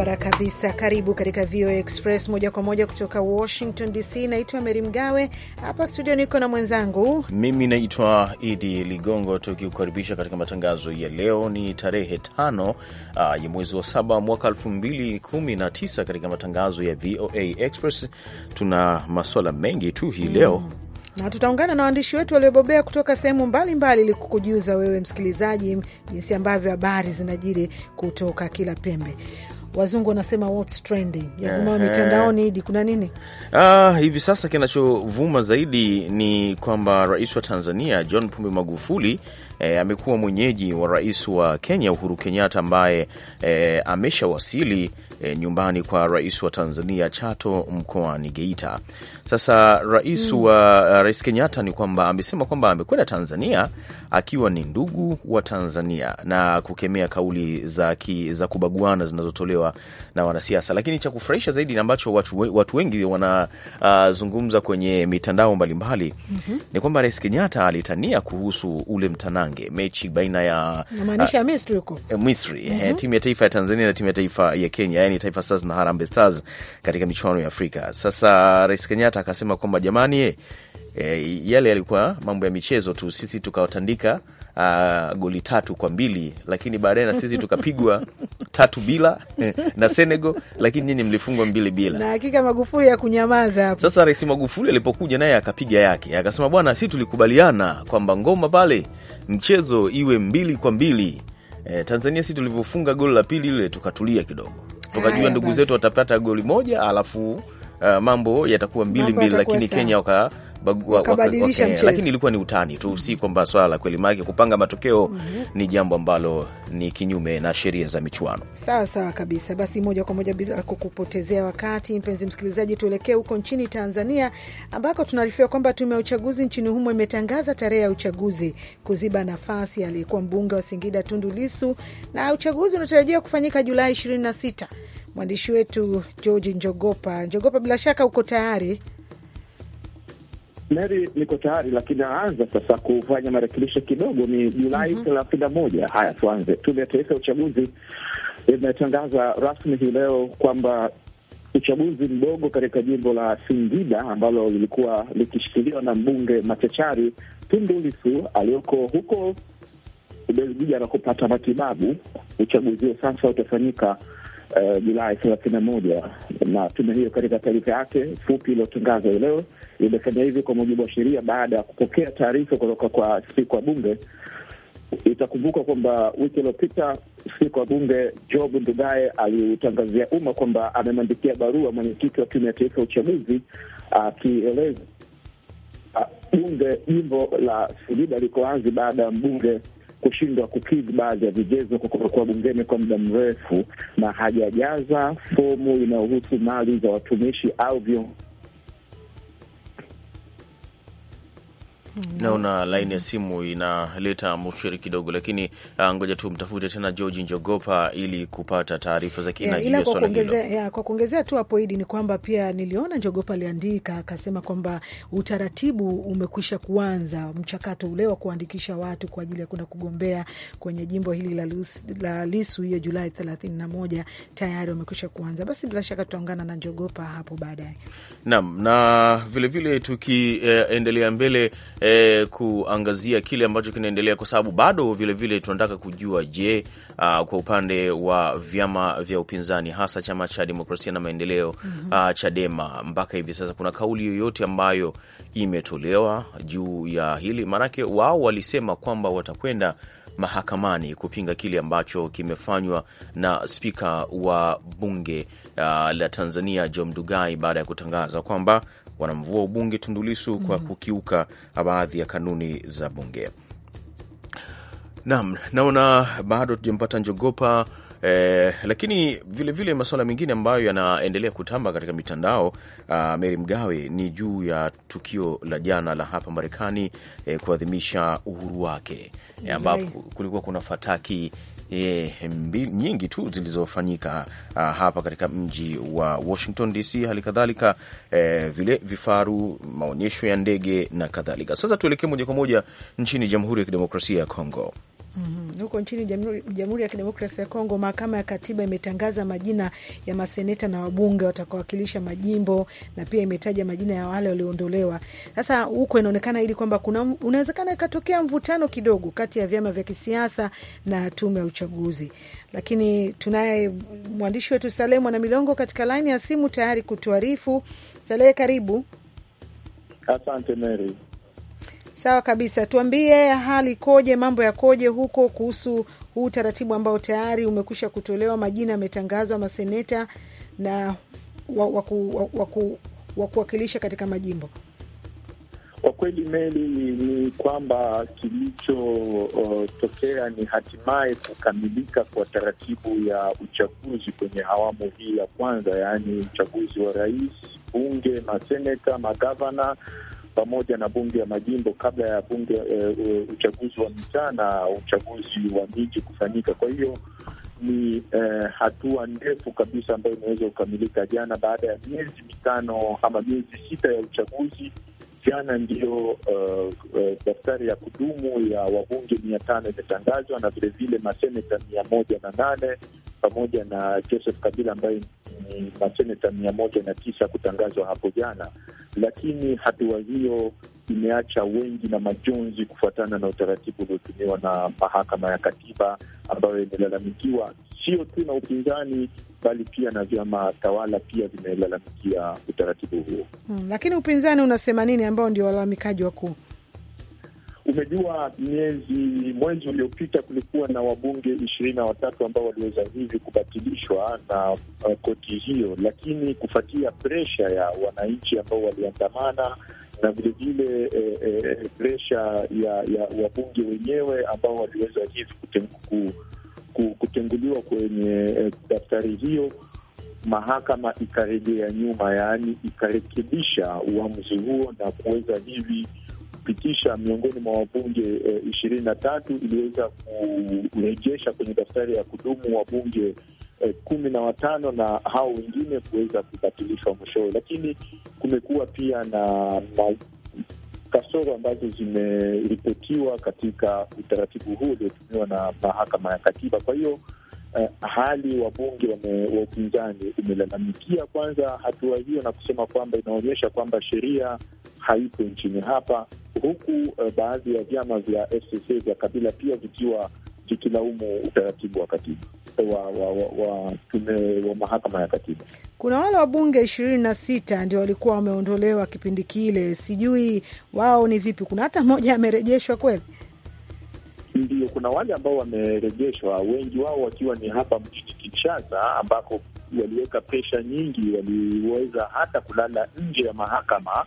Barabara kabisa. Karibu katika VOA Express moja kwa moja kutoka Washington DC. Naitwa Meri Mgawe, hapa studio niko na mwenzangu. Mimi naitwa Idi Ligongo, tukikukaribisha katika matangazo ya leo. Ni tarehe tano ah, ya mwezi wa saba mwaka elfu mbili kumi na tisa. Katika matangazo ya VOA Express tuna maswala mengi tu hii mm. leo mm na tutaungana na waandishi wetu waliobobea kutoka sehemu mbalimbali ili kukujuza wewe msikilizaji jinsi ambavyo habari zinajiri kutoka kila pembe wazungu wanasema what's trending mitandaoni idi kuna nini? Ah, hivi sasa kinachovuma zaidi ni kwamba rais wa Tanzania John Pombe Magufuli eh, amekuwa mwenyeji wa rais wa Kenya Uhuru Kenyatta ambaye eh, ameshawasili eh, nyumbani kwa rais wa Tanzania Chato mkoani Geita. Sasa rais mm. wa eh, rais Kenyatta ni kwamba amesema kwamba amekwenda Tanzania akiwa ni ndugu wa Tanzania na kukemea kauli za, ki, za kubaguana zinazotolewa na wanasiasa. Lakini cha kufurahisha zaidi na ambacho watu, watu wengi wanazungumza uh, kwenye mitandao mbalimbali mm -hmm. ni kwamba Rais Kenyatta alitania kuhusu ule mtanange mechi baina ya uh, Misri, eh, Misri mm -hmm. timu ya taifa ya Tanzania na timu ya taifa ya Kenya, yani Taifa Stars na Harambee Stars katika michuano ya Afrika. Sasa Rais Kenyatta akasema kwamba jamani e, yale yalikuwa mambo ya michezo tu, sisi tukawatandika Uh, goli tatu kwa mbili lakini baadaye na sisi tukapigwa tatu bila na Senegal, lakini nyinyi mlifungwa mbili bila. Na hakika Magufuli ya kunyamaza hapo. Sasa Rais Magufuli alipokuja naye akapiga yake akasema, bwana, sisi tulikubaliana kwamba ngoma pale mchezo iwe mbili kwa mbili. Eh, Tanzania sisi tulivyofunga goli la pili ile tukatulia kidogo, tukajua ndugu zetu watapata goli moja alafu uh, mambo yatakuwa mbili mbili, lakini Kenya waka wakabadilisha mchezo, lakini ilikuwa ni utani tu, si kwamba swala la kweli, maanake kupanga matokeo mm -hmm. ni jambo ambalo ni kinyume na sheria za michuano. Sawa sawa kabisa. Basi moja kwa moja bila kukupotezea wakati, mpenzi msikilizaji, tuelekee huko nchini Tanzania ambako tunaarifiwa kwamba tume ya uchaguzi nchini humo imetangaza tarehe ya uchaguzi kuziba nafasi aliyekuwa mbunge wa Singida Tundu Lisu, na uchaguzi unatarajiwa kufanyika Julai 26. Mwandishi wetu George Njogopa, Njogopa, bila shaka uko tayari? Mary, niko tayari, lakini naanza sasa kufanya marekebisho kidogo. Ni Julai mhm. thelathini na moja. Haya, tuanze. Tume ya Taifa ya Uchaguzi imetangaza rasmi hii leo kwamba uchaguzi mdogo katika jimbo la Singida ambalo lilikuwa likishikiliwa na mbunge machachari Tundu Lissu aliyoko huko Ubelgiji na kupata matibabu. Uchaguzi huo sasa utafanyika eh, Julai uh, thelathini na moja na tume hiyo katika taarifa yake fupi iliyotangazwa leo imefanya hivi kwa mujibu wa sheria baada ya kupokea taarifa kutoka kwa spika wa bunge. Itakumbuka kwamba wiki iliyopita spika wa bunge Job Ndugai aliutangazia umma kwamba amemwandikia barua mwenyekiti wa tume ya taifa ya uchaguzi akieleza ah, bunge jimbo la Singida liko wazi baada ya mbunge kushindwa kukidhi baadhi ya vigezo kwa kutokuwa bungeni kwa muda mrefu na hajajaza fomu inayohusu mali za watumishi au viongozi Naona laini ya simu inaleta mushiri kidogo, lakini ah, ngoja tu mtafute tena George Njogopa ili kupata taarifa za kina yeah, Kwa kuongezea tu hapo hidi, ni kwamba pia niliona Njogopa aliandika akasema kwamba utaratibu umekwisha kuanza mchakato ule wa kuandikisha watu kwa ajili ya kwenda kugombea kwenye jimbo hili la, Lus, la Lisu hiyo Julai 31 tayari wamekwisha kuanza. Basi bila shaka tutaungana na Njogopa hapo baadaye. Naam, na vilevile tukiendelea eh, mbele e, kuangazia kile ambacho kinaendelea, kwa sababu bado vilevile tunataka kujua, je, uh, kwa upande wa vyama vya upinzani hasa chama cha demokrasia na maendeleo mm -hmm. uh, Chadema, mpaka hivi sasa kuna kauli yoyote ambayo imetolewa juu ya hili? Maanake wao walisema kwamba watakwenda mahakamani kupinga kile ambacho kimefanywa na spika wa bunge uh, la Tanzania Job Ndugai baada ya kutangaza kwamba wanamvua ubunge Tundulisu kwa mm -hmm. kukiuka baadhi ya kanuni za bunge. Naam, naona bado tujampata njogopa eh, lakini vilevile masuala mengine ambayo yanaendelea kutamba katika mitandao uh, ah, Meri Mgawe, ni juu ya tukio la jana la hapa Marekani eh, kuadhimisha uhuru wake eh, ambapo kulikuwa kuna fataki e, nyingi tu zilizofanyika uh, hapa katika mji wa Washington DC, hali kadhalika e, vile vifaru, maonyesho ya ndege na kadhalika. Sasa tuelekee moja kwa moja nchini Jamhuri ya Kidemokrasia ya Kongo. Mm huko Nchini Jamhuri ya Kidemokrasia ya Kongo, mahakama ya katiba imetangaza majina ya maseneta na wabunge watakaowakilisha majimbo na pia imetaja majina ya wale walioondolewa. Sasa huko inaonekana ili kwamba kuna unawezekana ikatokea mvutano kidogo kati ya vyama vya kisiasa na tume ya uchaguzi, lakini tunaye mwandishi wetu Saleh Mwana Milongo katika laini ya simu tayari kutuarifu. Saleh, karibu. Asante Mary. Sawa kabisa, tuambie hali koje, mambo yakoje huko kuhusu huu utaratibu ambao tayari umekwisha kutolewa, majina yametangazwa maseneta na wa kuwakilisha katika majimbo. Kwa kweli Meli, ni kwamba kilichotokea uh, ni hatimaye kukamilika kwa taratibu ya uchaguzi kwenye awamu hii ya kwanza, yaani uchaguzi wa rais, bunge, maseneta, magavana pamoja na bunge ya majimbo kabla ya bunge e, uchaguzi wa mitaa na uchaguzi wa miji kufanyika. Kwa hiyo ni e, hatua ndefu kabisa ambayo inaweza kukamilika jana baada ya miezi mitano ama miezi sita ya uchaguzi. Jana ndiyo uh, uh, daftari ya kudumu ya wabunge mia tano imetangazwa na vilevile maseneta mia moja na nane pamoja na Joseph Kabila ambaye ni maseneta mia moja na tisa kutangazwa hapo jana lakini hatua hiyo imeacha wengi na majonzi kufuatana na utaratibu uliotumiwa na mahakama ya katiba ambayo imelalamikiwa sio tu na upinzani bali pia na vyama tawala pia vimelalamikia utaratibu huo. Hmm, lakini upinzani unasema nini, ambao ndio walalamikaji wakuu? Umejua, miezi mwezi uliopita kulikuwa na wabunge ishirini na watatu ambao waliweza hivi kubatilishwa na uh, koti hiyo, lakini kufuatia presha ya wananchi ambao waliandamana na vilevile eh, eh, presha ya, ya wabunge wenyewe ambao waliweza hivi kutengu, kutenguliwa kwenye eh, daftari hiyo, mahakama ikarejea nyuma, yaani ikarekebisha uamuzi huo na kuweza hivi kupitisha miongoni mwa wabunge eh, ishirini na tatu iliweza kurejesha kwenye daftari ya kudumu wabunge eh, kumi na watano na hao wengine kuweza kubatilishwa mwishowe, lakini kumekuwa pia na, kasoro ambazo zimeripotiwa katika utaratibu huu uliotumiwa na mahakama ya katiba. Kwa hiyo eh, hali wabunge wa upinzani umelalamikia kwanza hatua hiyo na kusema kwamba inaonyesha kwamba sheria haipo nchini hapa huku uh, baadhi ya vyama vya FCC vya Kabila pia vikiwa vikilaumu utaratibu wa katiba wa, wa, wa, wa, tume wa mahakama ya katiba. Kuna wale wabunge ishirini na sita ndio walikuwa wameondolewa kipindi kile, sijui wao ni vipi. Kuna hata mmoja amerejeshwa kweli? Ndio, kuna wale ambao wamerejeshwa, wengi wao wakiwa ni hapa mjini Kinshasa, ambako waliweka pesha nyingi, waliweza hata kulala nje ya mahakama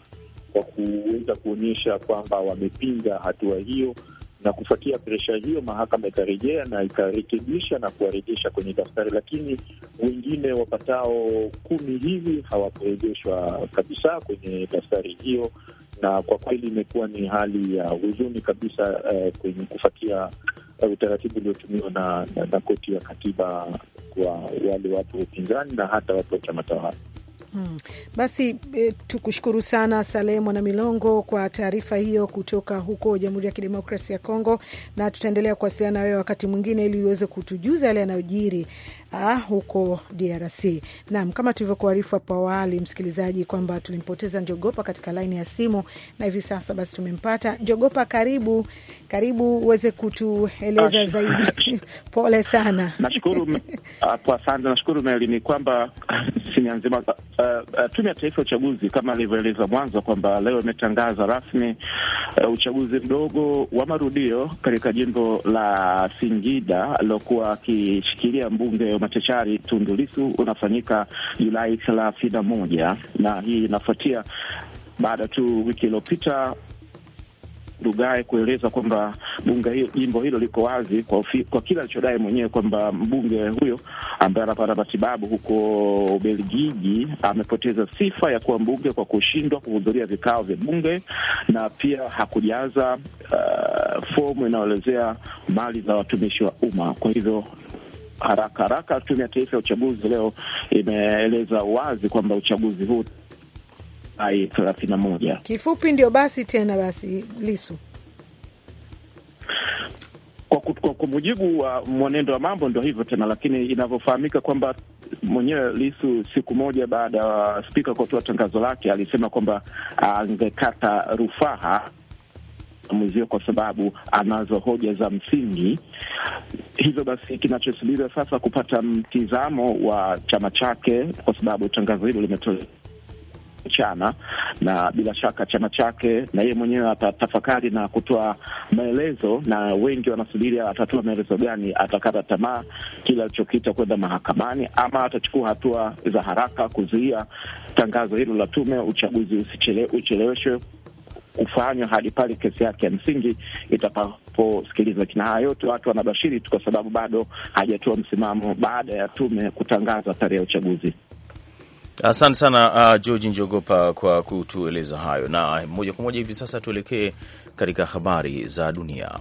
kwa kuweza kuonyesha kwamba wamepinga hatua hiyo, na kufuatia presha hiyo, mahakama ikarejea na ikarekebisha na kuwarejesha kwenye daftari, lakini wengine wapatao kumi hivi hawakurejeshwa kabisa kwenye daftari hiyo, na kwa kweli imekuwa ni hali ya huzuni kabisa eh, kwenye kufuatia eh, utaratibu uliotumiwa na, na, na koti ya katiba kwa wale watu wa upinzani na hata watu wa chama tawala. Hmm. Basi e, tukushukuru sana Saleh Mwana Milongo kwa taarifa hiyo kutoka huko Jamhuri ya Kidemokrasia ya Kongo, na tutaendelea kuwasiliana na wewe wakati mwingine ili uweze kutujuza yale yanayojiri ah, huko DRC. Naam, kama tulivyokuarifu hapo awali, msikilizaji, kwamba tulimpoteza Njogopa katika laini ya simu na hivi sasa basi tumempata. Njogopa, karibu karibu uweze kutueleza zaidi. Pole sana, nashukuru. Asante, nashukuru Meli. Ni kwamba simu nzima uh, Tume ya Taifa ya Uchaguzi kama alivyoeleza mwanzo kwamba leo imetangaza rasmi uh, uchaguzi mdogo wa marudio katika jimbo la Singida aliokuwa akishikilia mbunge machachari Tundu Lissu unafanyika Julai thelathini na moja na hii inafuatia baada tu wiki iliyopita Ndugai kueleza kwamba bunge jimbo hilo liko wazi kwa, kwa kila alichodai mwenyewe kwamba mbunge huyo ambaye anapata matibabu huko Ubelgiji amepoteza sifa ya kuwa mbunge kwa kushindwa kuhudhuria vikao vya bunge na pia hakujaza uh, fomu inayoelezea mali za watumishi wa umma. Kwa hivyo haraka haraka, Tume ya Taifa ya Uchaguzi leo imeeleza wazi kwamba uchaguzi huu Julai thelathini na moja. Kifupi ndio basi tena basi Lisu. Kwa mujibu wa mwenendo wa mambo ndio hivyo tena, lakini inavyofahamika kwamba mwenyewe Lisu siku moja baada ya spika kutoa tangazo lake alisema kwamba angekata rufaa mwezio kwa sababu anazo hoja za msingi. Hivyo basi kinachosubiriwa sasa kupata mtizamo wa chama chake, kwa sababu tangazo hilo limetolewa mchana, na bila shaka chama chake na yeye mwenyewe atatafakari na kutoa maelezo, na wengi wanasubiri atatoa maelezo gani. Atakata tamaa kile alichokita kwenda mahakamani, ama atachukua hatua za haraka kuzuia tangazo hilo la tume uchaguzi usichele, ucheleweshwe kufanywa hadi pale kesi yake ya msingi itapaposikiliza. Lakini haya yote watu wanabashiri tu, kwa sababu bado hajatoa msimamo baada ya tume kutangaza tarehe ya uchaguzi. Asante sana uh, George Njogopa kwa kutueleza hayo, na moja kwa moja hivi sasa tuelekee katika habari za dunia.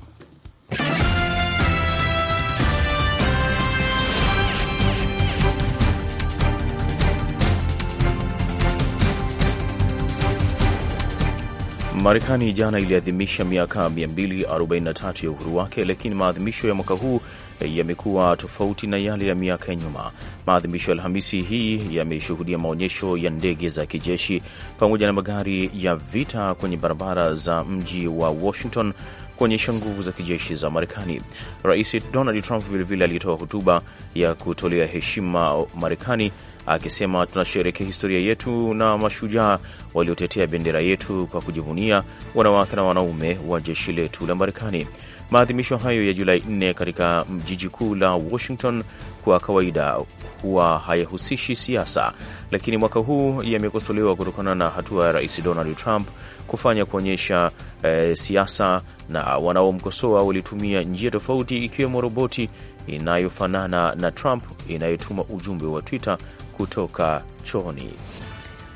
Marekani jana iliadhimisha miaka 243 ya uhuru wake, lakini maadhimisho ya mwaka huu yamekuwa tofauti na yale ya miaka ya nyuma. Maadhimisho ya Alhamisi hii yameshuhudia maonyesho ya ndege za kijeshi pamoja na magari ya vita kwenye barabara za mji wa Washington kuonyesha nguvu za kijeshi za Marekani. Rais Donald Trump vilevile alitoa hotuba ya kutolea heshima Marekani akisema tunasherehekea historia yetu na mashujaa waliotetea bendera yetu kwa kujivunia wanawake na wanaume wa jeshi letu la Marekani. Maadhimisho hayo ya Julai 4 katika jiji kuu la Washington kwa kawaida huwa hayahusishi siasa, lakini mwaka huu yamekosolewa kutokana na hatua ya Rais Donald Trump kufanya kuonyesha e, siasa, na wanaomkosoa walitumia njia tofauti, ikiwemo roboti inayofanana na Trump inayotuma ujumbe wa Twitter kutoka chooni.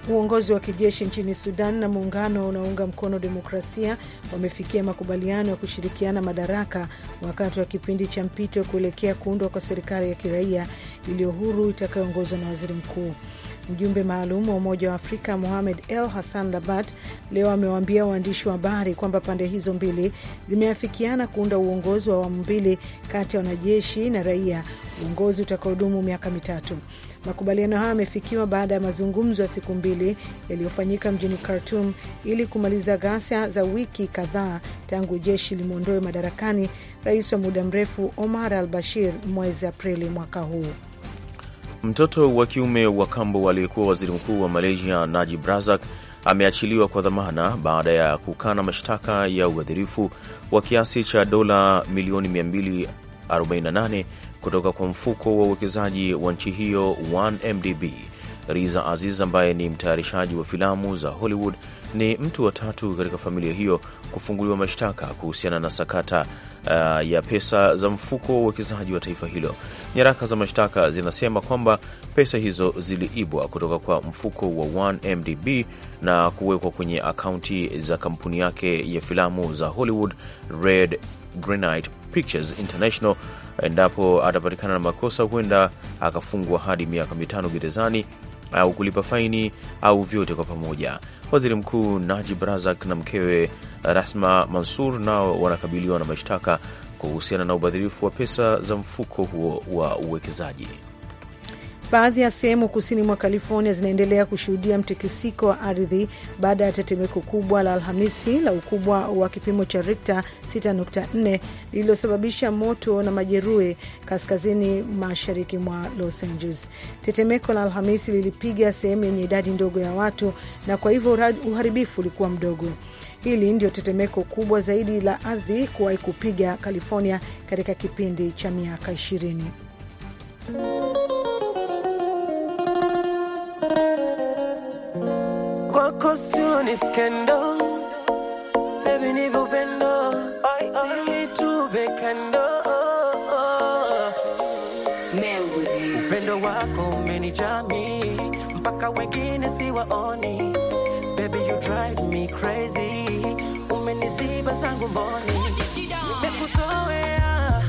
Uongozi wa kijeshi nchini Sudan na muungano unaounga mkono demokrasia wamefikia makubaliano ya kushirikiana madaraka wakati wa kipindi cha mpito kuelekea kuundwa kwa serikali ya kiraia iliyo huru itakayoongozwa na waziri mkuu. Mjumbe maalum wa Umoja wa Afrika Mohamed El Hassan Labat leo amewaambia waandishi wa habari kwamba pande hizo mbili zimeafikiana kuunda uongozi wa awamu mbili kati ya wanajeshi na raia, uongozi utakaodumu miaka mitatu. Makubaliano hayo yamefikiwa baada ya mazungumzo ya siku mbili yaliyofanyika mjini Khartum ili kumaliza ghasia za wiki kadhaa tangu jeshi limwondoe madarakani rais wa muda mrefu Omar al Bashir mwezi Aprili mwaka huu. Mtoto wa kiume wa kambo aliyekuwa waziri mkuu wa Malaysia Najib Razak ameachiliwa kwa dhamana baada ya kukana mashtaka ya ubadhirifu wa kiasi cha dola milioni 248 kutoka kwa mfuko wa uwekezaji wa nchi hiyo 1MDB. Riza Aziz ambaye ni mtayarishaji wa filamu za Hollywood ni mtu wa tatu katika familia hiyo kufunguliwa mashtaka kuhusiana na sakata uh, ya pesa za mfuko wa uwekezaji wa taifa hilo. Nyaraka za mashtaka zinasema kwamba pesa hizo ziliibwa kutoka kwa mfuko wa 1MDB na kuwekwa kwenye akaunti za kampuni yake ya filamu za Hollywood Red Granite Pictures International. Endapo atapatikana na makosa, huenda akafungwa hadi miaka mitano gerezani au kulipa faini au vyote kwa pamoja. Waziri Mkuu Najib Razak na mkewe Rasma Mansur nao wanakabiliwa na mashtaka kuhusiana na ubadhirifu wa pesa za mfuko huo wa uwekezaji. Baadhi ya sehemu kusini mwa California zinaendelea kushuhudia mtikisiko wa ardhi baada ya tetemeko kubwa la Alhamisi la ukubwa wa kipimo cha Rikta 6.4 lililosababisha moto na majeruhi kaskazini mashariki mwa Los Angeles. Tetemeko la Alhamisi lilipiga sehemu yenye idadi ndogo ya watu na kwa hivyo uharibifu ulikuwa mdogo. Hili ndio tetemeko kubwa zaidi la ardhi kuwahi kupiga California katika kipindi cha miaka ishirini. Wako sio ni skendo, baby ni vupendo, simi tube kando upendo wako umenijami mpaka wengine siwaoni, baby you drive me crazy, umeniziba zangu mboni, nimekuzoea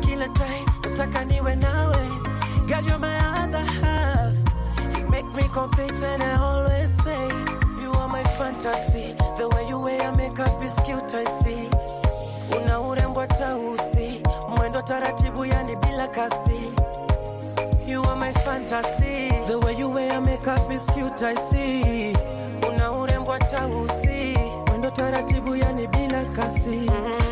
kila time nataka niwe nawe, girl you're my yangu yani bila kasi. You are my fantasy. The way you wear makeup is cute I see. Una urembo tausi usi. Mwendo taratibu yani bila kasi. Mm -hmm.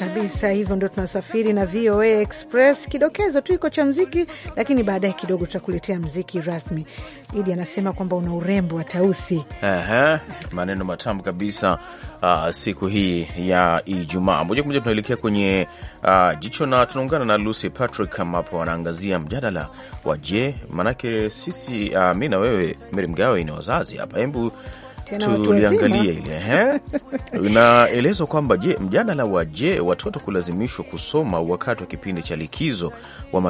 kabisa. Hivyo ndio tunasafiri na VOA Express. Kidokezo tu iko cha mziki, lakini baadaye kidogo tutakuletea mziki rasmi. Idi anasema kwamba una urembo wa tausi. Aha, maneno matamu kabisa. Uh, siku hii ya Ijumaa moja kwa moja tunaelekea kwenye uh, jicho na tunaungana na Lucy Patrick ambapo anaangazia mjadala wa je, maanake sisi uh, mi na wewe Meri Mgawe ni wazazi hapa, hebu tuliangalia ile inaelezwa kwamba je, mjadala wa je, watoto kulazimishwa kusoma wakati wa kipindi cha likizo wa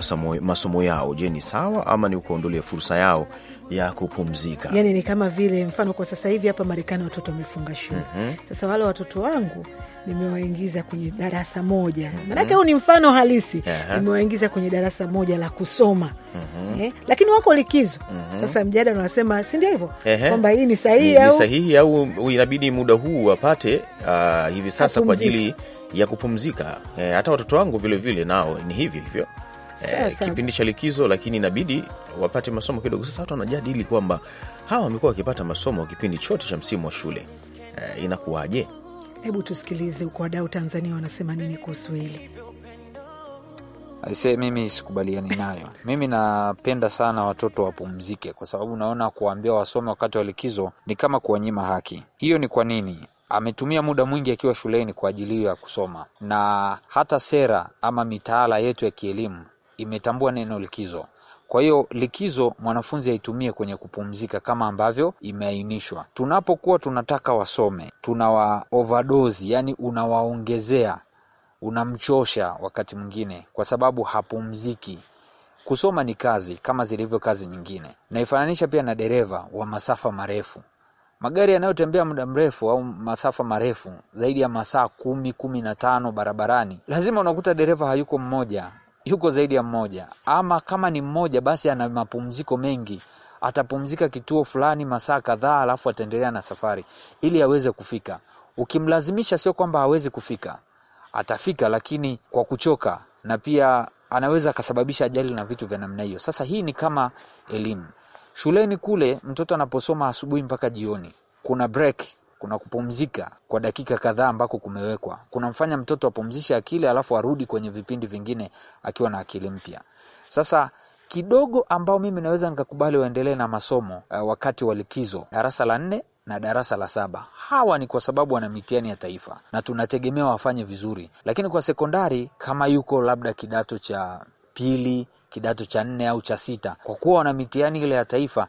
masomo yao, je, ni sawa ama ni kuondolea fursa yao ya kupumzika? Yani ni kama vile mfano, kwa sasa hivi hapa Marekani watoto wamefunga shule. mm -hmm. Sasa wale watoto wangu nimewaingiza kwenye darasa moja mm -hmm. Maanake huu ni mfano halisi yeah. Nimewaingiza kwenye darasa moja la kusoma mm -hmm. eh, lakini wako likizo mm -hmm. Sasa mjadala unasema si ndio hivyo kwamba hii ni sahihi au sahihi au inabidi muda huu wapate uh, hivi sasa kwa ajili ya kupumzika eh, hata watoto wangu vilevile nao ni hivyo hivyo eh, kipindi cha likizo, lakini inabidi wapate masomo kidogo. Sasa watu wanajadili kwamba hawa wamekuwa wakipata masomo kipindi chote cha msimu wa shule eh, inakuwaje? Hebu tusikilize huko wadau Tanzania wanasema nini kuhusu hili. Aisee, mimi sikubaliani nayo. Mimi napenda sana watoto wapumzike, kwa sababu naona kuwaambia wasome wakati wa likizo ni kama kuwanyima haki. Hiyo ni kwa nini? Ametumia muda mwingi akiwa shuleni kwa ajili ya kusoma, na hata sera ama mitaala yetu ya kielimu imetambua neno likizo. Kwa hiyo likizo mwanafunzi aitumie kwenye kupumzika kama ambavyo imeainishwa. Tunapokuwa tunataka wasome, tunawa overdose, yani unawaongezea, unamchosha wakati mwingine, kwa sababu hapumziki. Kusoma ni kazi kama zilivyo kazi nyingine. Naifananisha pia na dereva wa masafa marefu. Magari yanayotembea muda mrefu au masafa marefu zaidi ya masaa kumi, kumi na tano barabarani, lazima unakuta dereva hayuko mmoja, yuko zaidi ya mmoja, ama kama ni mmoja, basi ana mapumziko mengi, atapumzika kituo fulani masaa kadhaa, alafu ataendelea na safari ili aweze kufika. Ukimlazimisha, sio kwamba hawezi kufika, atafika, lakini kwa kuchoka, na pia anaweza akasababisha ajali na vitu vya namna hiyo. Sasa hii ni kama elimu shuleni kule, mtoto anaposoma asubuhi mpaka jioni, kuna break kuna kupumzika kwa dakika kadhaa ambako kumewekwa, kunamfanya mtoto apumzishe akili alafu arudi kwenye vipindi vingine akiwa na akili mpya. Sasa kidogo ambao mimi naweza nikakubali waendelee na masomo uh, wakati wa likizo darasa la nne na darasa la saba. Hawa ni kwa sababu wana mitihani ya taifa na tunategemea wafanye vizuri, lakini kwa sekondari kama yuko labda kidato cha pili, kidato cha nne au cha sita, kwa kuwa wana mitihani ile ya taifa,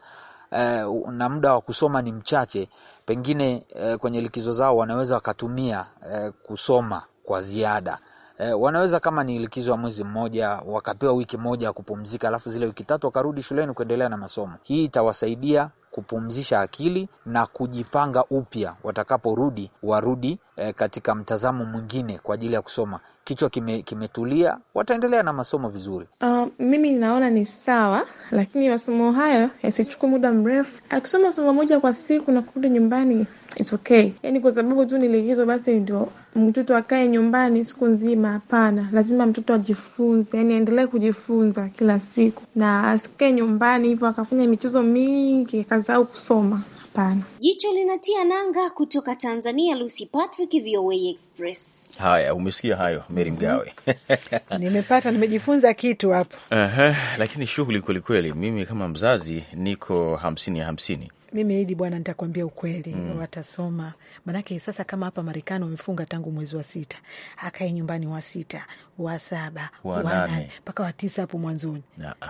eh, na muda wa kusoma ni mchache, pengine eh, kwenye likizo zao wanaweza wakatumia eh, kusoma kwa ziada. Eh, wanaweza kama ni likizo ya mwezi mmoja wakapewa wiki moja ya kupumzika, alafu zile wiki tatu wakarudi shuleni kuendelea na masomo. Hii itawasaidia kupumzisha akili na kujipanga upya, watakaporudi warudi e, katika mtazamo mwingine kwa ajili ya kusoma. Kichwa kime, kimetulia, wataendelea na masomo vizuri. Uh, mimi ninaona ni sawa, lakini masomo hayo yasichukua muda mrefu. Akisoma ah, somo moja kwa siku na kurudi nyumbani it's okay, yani kwa sababu tu niligizwa basi ndio mtoto akae nyumbani siku nzima? Hapana, lazima mtoto ajifunze, yani aendelee kujifunza kila siku na asikae nyumbani hivyo akafanya michezo mingi kuwaza au kusoma. Hapana. Jicho linatia nanga kutoka Tanzania. Lucy Patrick, VOA Express. Haya, umesikia hayo meri mhm. Mgawe. Nimepata, nimejifunza kitu hapo. Uh -huh, lakini shughuli kwelikweli. Mimi kama mzazi niko hamsini ya hamsini mimi hidi bwana, nitakwambia ukweli mm. Watasoma manake sasa, kama hapa Marekani wamefunga tangu mwezi wa sita, akae nyumbani wa sita wa saba wa nane mpaka wa tisa hapo mwanzoni,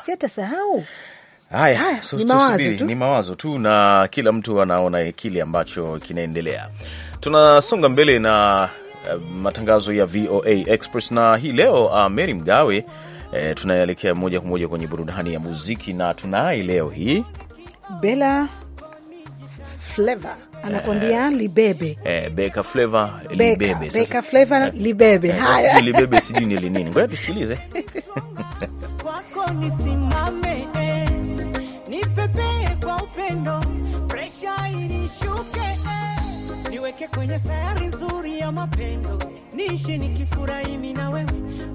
si atasahau Haya, so, ni, mawazo tu. Ni mawazo tu na kila mtu anaona kile ambacho kinaendelea. Tunasonga mbele na uh, matangazo ya VOA Express na hii leo uh, Mary Mgawe uh, tunaelekea moja kwa moja kwenye burudani ya muziki na tunaye leo hii Bella Flava anakwambia eh, libebe eh, Beka Flava libebe, Beka Flava eh, libebe. Haya libebe sijui ni nini, ngoja tusikilize. Kwako nisimame upendo, presha inishuke eh. Niweke kwenye sayari nzuri ya mapendo, niishi nikifurahi mimi na wewe,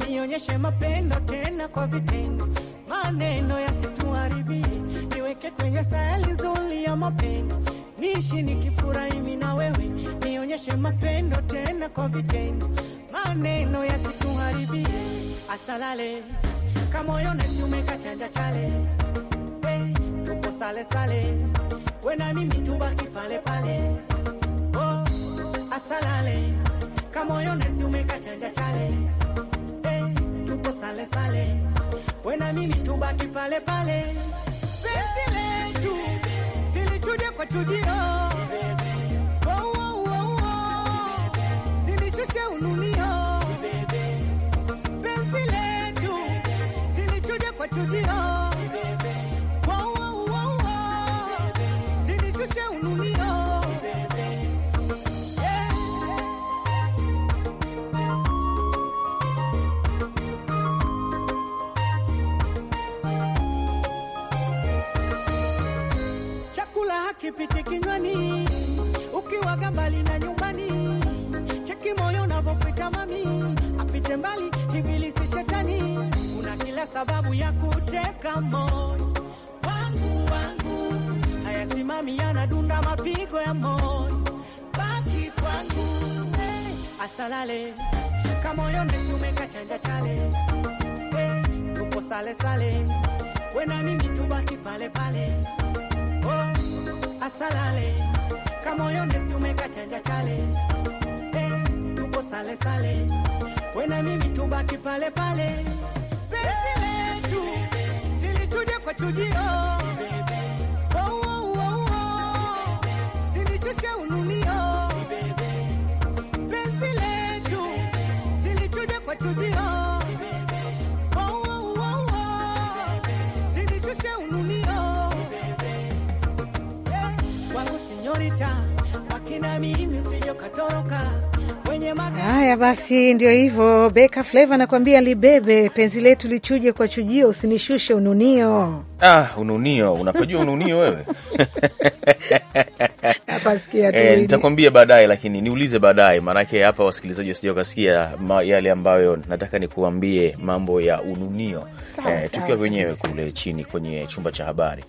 nionyeshe mapendo tena kwa vitendo, maneno yasituharibie. Niweke kwenye sayari nzuri ya mapendo, niishi nikifurahi mimi na wewe, nionyeshe mapendo tena kwa vitendo, maneno yasituharibie. Asalale kamoyo nasiumeka chanja chale sale sale, wena mimi tubaki pale pale. Oh, asalale kamoyo nesi umekachanja chale. Hey, eh, tupo sale sale, wena mimi tubaki pale pale. Penzi letu silichuja kwa chujio, oh, oh, oh. penzi letu kwa chujio nipite kinywani, ukiwaga mbali na nyumbani, cheki moyo unavyopita mami, apite mbali ibilisi shetani, una kila sababu ya kuteka moyo wangu, wangu simami yanadunda mapigo ya moyo, baki kwangu, hey, asalale kamoyo nesumeka chanja chale, hey, tupo sale sale, we na mimi tubaki pale pale asalale kama oyonesi umekachanja chale hey, eh, tuko sale sale wena mimi tubaki pale pale penzi letu zilichuja kwa chujio oh, oh, oh, oh. zilishusha ununi Haya basi, ndio hivyo. Beka Fleva anakuambia libebe penzi letu lichuje kwa chujio, usinishushe ununio. Ah, ununio, unapojua ununio wewe E, nitakwambia baadaye, lakini niulize baadaye, maanake hapa wasikilizaji wasija wakasikia yale ambayo nataka nikuambie mambo ya ununio e, tukiwa wenyewe kule chini kwenye chumba cha habari.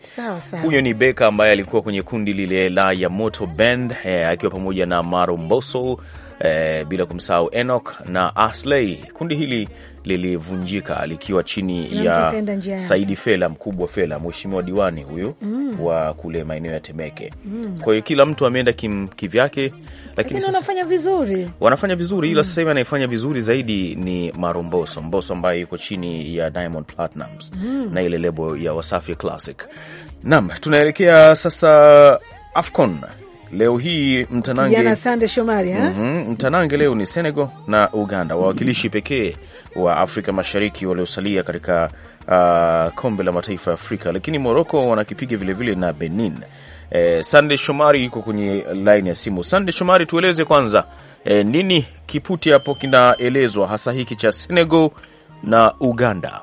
Huyo ni Beka ambaye alikuwa kwenye kundi lile la Yamoto Band e, akiwa pamoja na Maro Mboso eh, bila kumsahau Enoch na Asley. Kundi hili lilivunjika likiwa chini ya Saidi Fela, mkubwa Fela, mheshimiwa diwani huyu mm. wa kule maeneo ya Temeke mm. Kwa hiyo kila mtu ameenda kivyake, lakini sasa wanafanya vizuri, wanafanya vizuri mm. Ila sasa hivi anayefanya vizuri zaidi ni Maromboso Mboso ambaye yuko chini ya Diamond Platnumz mm. na ile lebo ya Wasafi Classic. Naam, tunaelekea sasa AFCON Leo hii mtanange jana, Sande Shomari Mm -hmm, mtanange leo ni Senegal na Uganda, wawakilishi pekee wa Afrika Mashariki waliosalia katika uh, kombe la mataifa ya Afrika, lakini Moroko wanakipiga vilevile na Benin. Eh, Sande Shomari iko kwenye laini ya simu. Sande Shomari, tueleze kwanza, eh, nini kiputi hapo kinaelezwa hasa hiki cha Senegal na Uganda?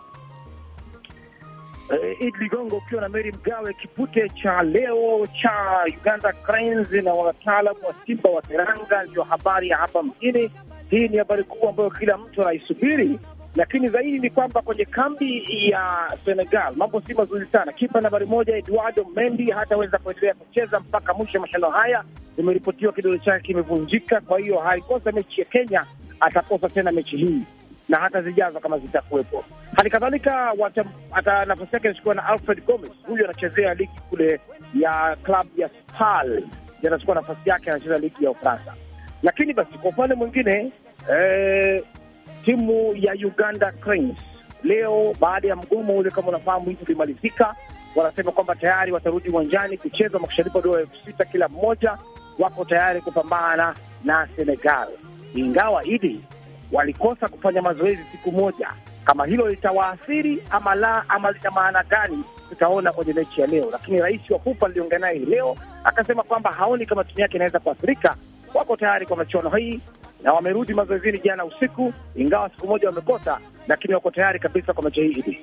uh, eh, Idi Ligongo ukiwa na Meri Mgawe. Kipute cha leo cha Uganda Cranes na wataalamu wa Simba wa Teranga ndio habari ya hapa mjini. Hii ni habari kubwa ambayo kila mtu anaisubiri, lakini zaidi ni kwamba kwenye kambi ya Senegal mambo si mazuri sana. Kipa nambari moja Eduardo Mendi hataweza kuendelea kucheza mpaka mwisho ya mashindano haya, imeripotiwa kidole chake kimevunjika. Kwa hiyo haikosa mechi ya Kenya, atakosa tena mechi hii na hata zijazo kama zitakuwepo. Hali kadhalika hata nafasi yake inachukua na Alfred Gomez, huyu anachezea ligi kule ya klabu ya Spal, anachukua nafasi yake, anacheza ligi ya Ufaransa. Lakini basi kwa upande mwingine eh, timu ya Uganda Cranes leo baada ya mgomo ule, kama unafahamu, hivi ulimalizika, wanasema kwamba tayari watarudi uwanjani kucheza makushariki dola elfu sita kila mmoja, wako tayari kupambana na Senegal, ingawa idi walikosa kufanya mazoezi siku moja. Kama hilo litawaathiri ama la, ama lina maana gani, tutaona kwenye mechi ya leo. Lakini rais wa FUPA niliongea naye hii leo akasema kwamba haoni kama timu yake inaweza kuathirika, wako tayari kwa michuano hii na wamerudi mazoezini jana usiku, ingawa siku moja wamekosa, lakini wako tayari kabisa kwa mechi hii.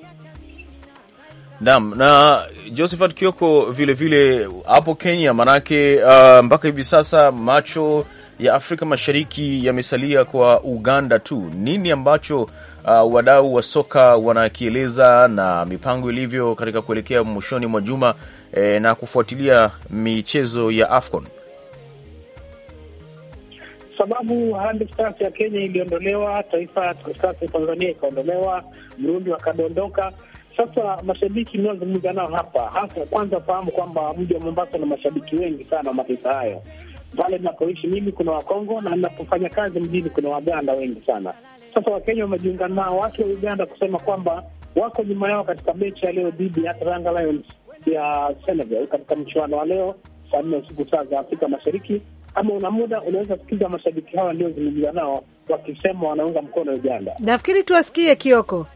Naam, na Josephat Kioko vilevile hapo Kenya, manake uh, mpaka hivi sasa macho ya Afrika Mashariki yamesalia kwa Uganda tu. Nini ambacho uh, wadau wa soka wanakieleza na mipango ilivyo katika kuelekea mwishoni mwa juma eh, na kufuatilia michezo ya AFCON? Sababu Harambee Stars ya Kenya iliondolewa, Taifa Stars ya Tanzania ikaondolewa, Burundi wakadondoka sasa mashabiki mnaozungumza nao hapa, hasa kwanza fahamu kwamba mji wa Mombasa na mashabiki wengi sana wa mataifa hayo. Pale ninapoishi mimi kuna Wakongo na ninapofanya kazi mjini kuna Waganda wengi sana. Sasa Wakenya wamejiunga nao watu wa Uganda kusema kwamba wako nyuma yao katika mechi ya leo dhidi ya Teranga Lions ya Senegal katika mchuano wa leo saa nne usiku saa za Afrika Mashariki. Kama una muda unaweza kusikiza mashabiki hawa waliozungumza nao wakisema wanaunga mkono Uganda. Nafikiri tuwasikie Kioko.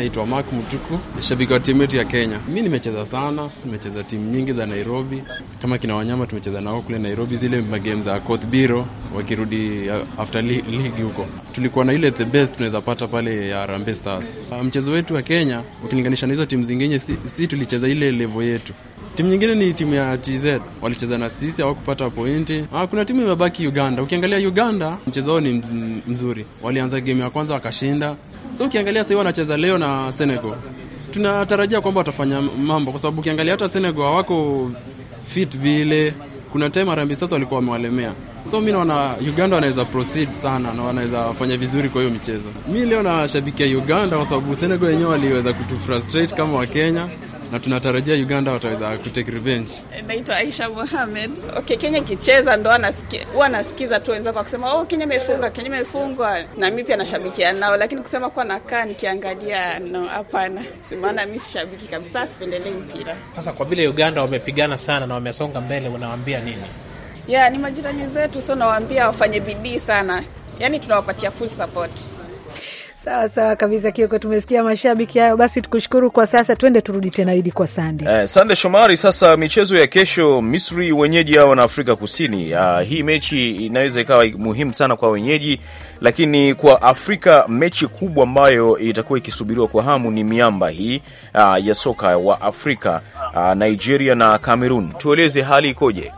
Naitwa Mark Mutuku, shabiki wa timu yetu ya Kenya. Mi nimecheza sana, nimecheza timu nyingi za Nairobi kama kina Wanyama, tumecheza nao kule Nairobi, zile magame za Court Biro wakirudi uh, after league huko, tulikuwa na ile the best tunaweza pata pale ya Harambee Stars. Uh, mchezo wetu wa Kenya ukilinganisha na hizo timu zingine, si, si tulicheza ile level yetu timu nyingine ni timu ya TZ walicheza na sisi, hawakupata pointi. Ah, kuna timu imebaki Uganda. Ukiangalia Uganda, mchezo wao ni mzuri, walianza game ya kwanza wakashinda, So ukiangalia sahii wanacheza leo na Senegal, tunatarajia kwamba watafanya mambo, kwa sababu ukiangalia hata Senegal hawako fit vile. Kuna time arambi sasa walikuwa wamewalemea, so mi naona Uganda wanaweza proceed sana na wanaweza fanya vizuri kwa hiyo michezo. Mi leo nashabikia Uganda kwa sababu Senegal wenyewe waliweza kutufrustrate kama Wakenya na tunatarajia Uganda wataweza kutake revenge. Naitwa Aisha Mohamed. Okay, Kenya ikicheza ndo huwa nasikiza tu wenzako wakisema oh, Kenya imefunga, Kenya imefungwa, na mimi pia nashabikia nao, lakini kusema kuwa nakaa nikiangalia, no, hapana, maana mi sishabiki kabisa, sipendelei mpira. Sasa kwa vile Uganda wamepigana sana na wamesonga mbele, unawaambia nini? Yeah, ni majirani zetu, so nawaambia wafanye bidii sana, yaani tunawapatia full support. Sawa sawa kabisa, Kioko, tumesikia mashabiki hayo. Basi tukushukuru kwa sasa, twende turudi tena Idi kwa Sande. Eh, Sande Shomari. Sasa michezo ya kesho, Misri wenyeji hawa na Afrika Kusini. Uh, hii mechi inaweza ikawa muhimu sana kwa wenyeji, lakini kwa Afrika mechi kubwa ambayo itakuwa ikisubiriwa kwa hamu ni miamba hii uh, ya soka wa Afrika uh, Nigeria na Cameroon. Tueleze hali ikoje?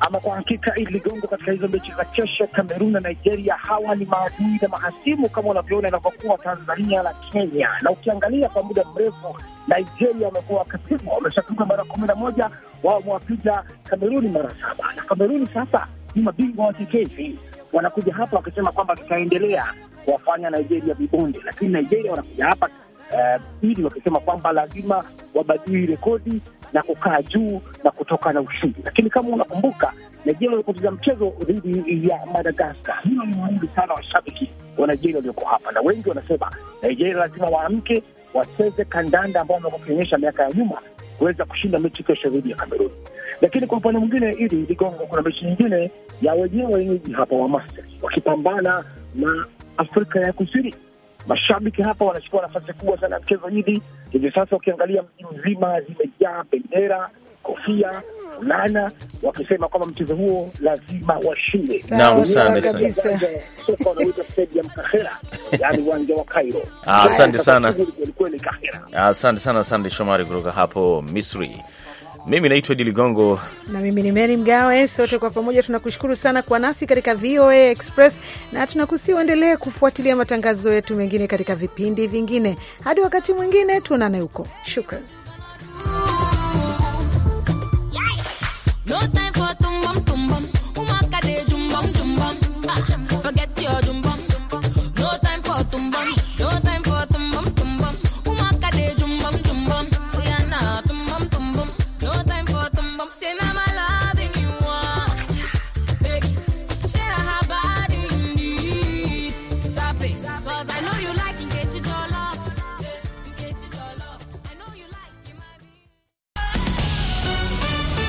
Ama kwa hakika ili Ligongo, katika hizo mechi za kesho, Kamerun na Nigeria, hawa ni maadui na mahasimu kama unavyoona inavyokuwa Tanzania na Kenya. Na ukiangalia kwa muda mrefu, Nigeria wamekuwa wakipigwa, wameshapigwa mara kumi na moja, wao wamewapiga Kameruni mara saba, na Kameruni sasa ni mabingwa watetezi wanakuja hapa wakisema kwamba tutaendelea kuwafanya Nigeria vibonde, lakini Nigeria wanakuja hapa uh, eh, ili wakisema kwamba lazima wabadili rekodi na kukaa juu na kutoka na ushindi. Lakini kama unakumbuka, Nigeria walipoteza mchezo dhidi ya Madagaskar. Hilo ni muhimu sana, washabiki wa Nigeria walioko hapa na wengi wanasema Nigeria lazima waamke, wacheze kandanda ambao wamekuwa wakionyesha miaka ya nyuma kuweza kushinda mechi kesho dhidi ya Kameruni. Lakini kwa upande mwingine, ili ligongo, kuna mechi nyingine ya wenyewe wenyeji hapa wa Masters wakipambana na Afrika ya Kusini. Mashabiki hapa wanachukua nafasi kubwa sana ya mchezo hili. Hivi sasa ukiangalia mji mzima zimejaa bendera, kofia fulana wakisema kwamba mchezo huo lazima washinde. Naam sana soka wanaita stadium Kahera, yaani uwanja wa Cairo. Asante sana, kweli kweli Kahera. Asante sana, Sande Shomari kutoka hapo Misri. Mimi naitwa Idi Ligongo na mimi ni Meri Mgawe. Sote kwa pamoja tunakushukuru sana kwa nasi katika VOA Express, na tunakusihi uendelee kufuatilia matangazo yetu mengine katika vipindi vingine. Hadi wakati mwingine, tuonane huko. Shukran.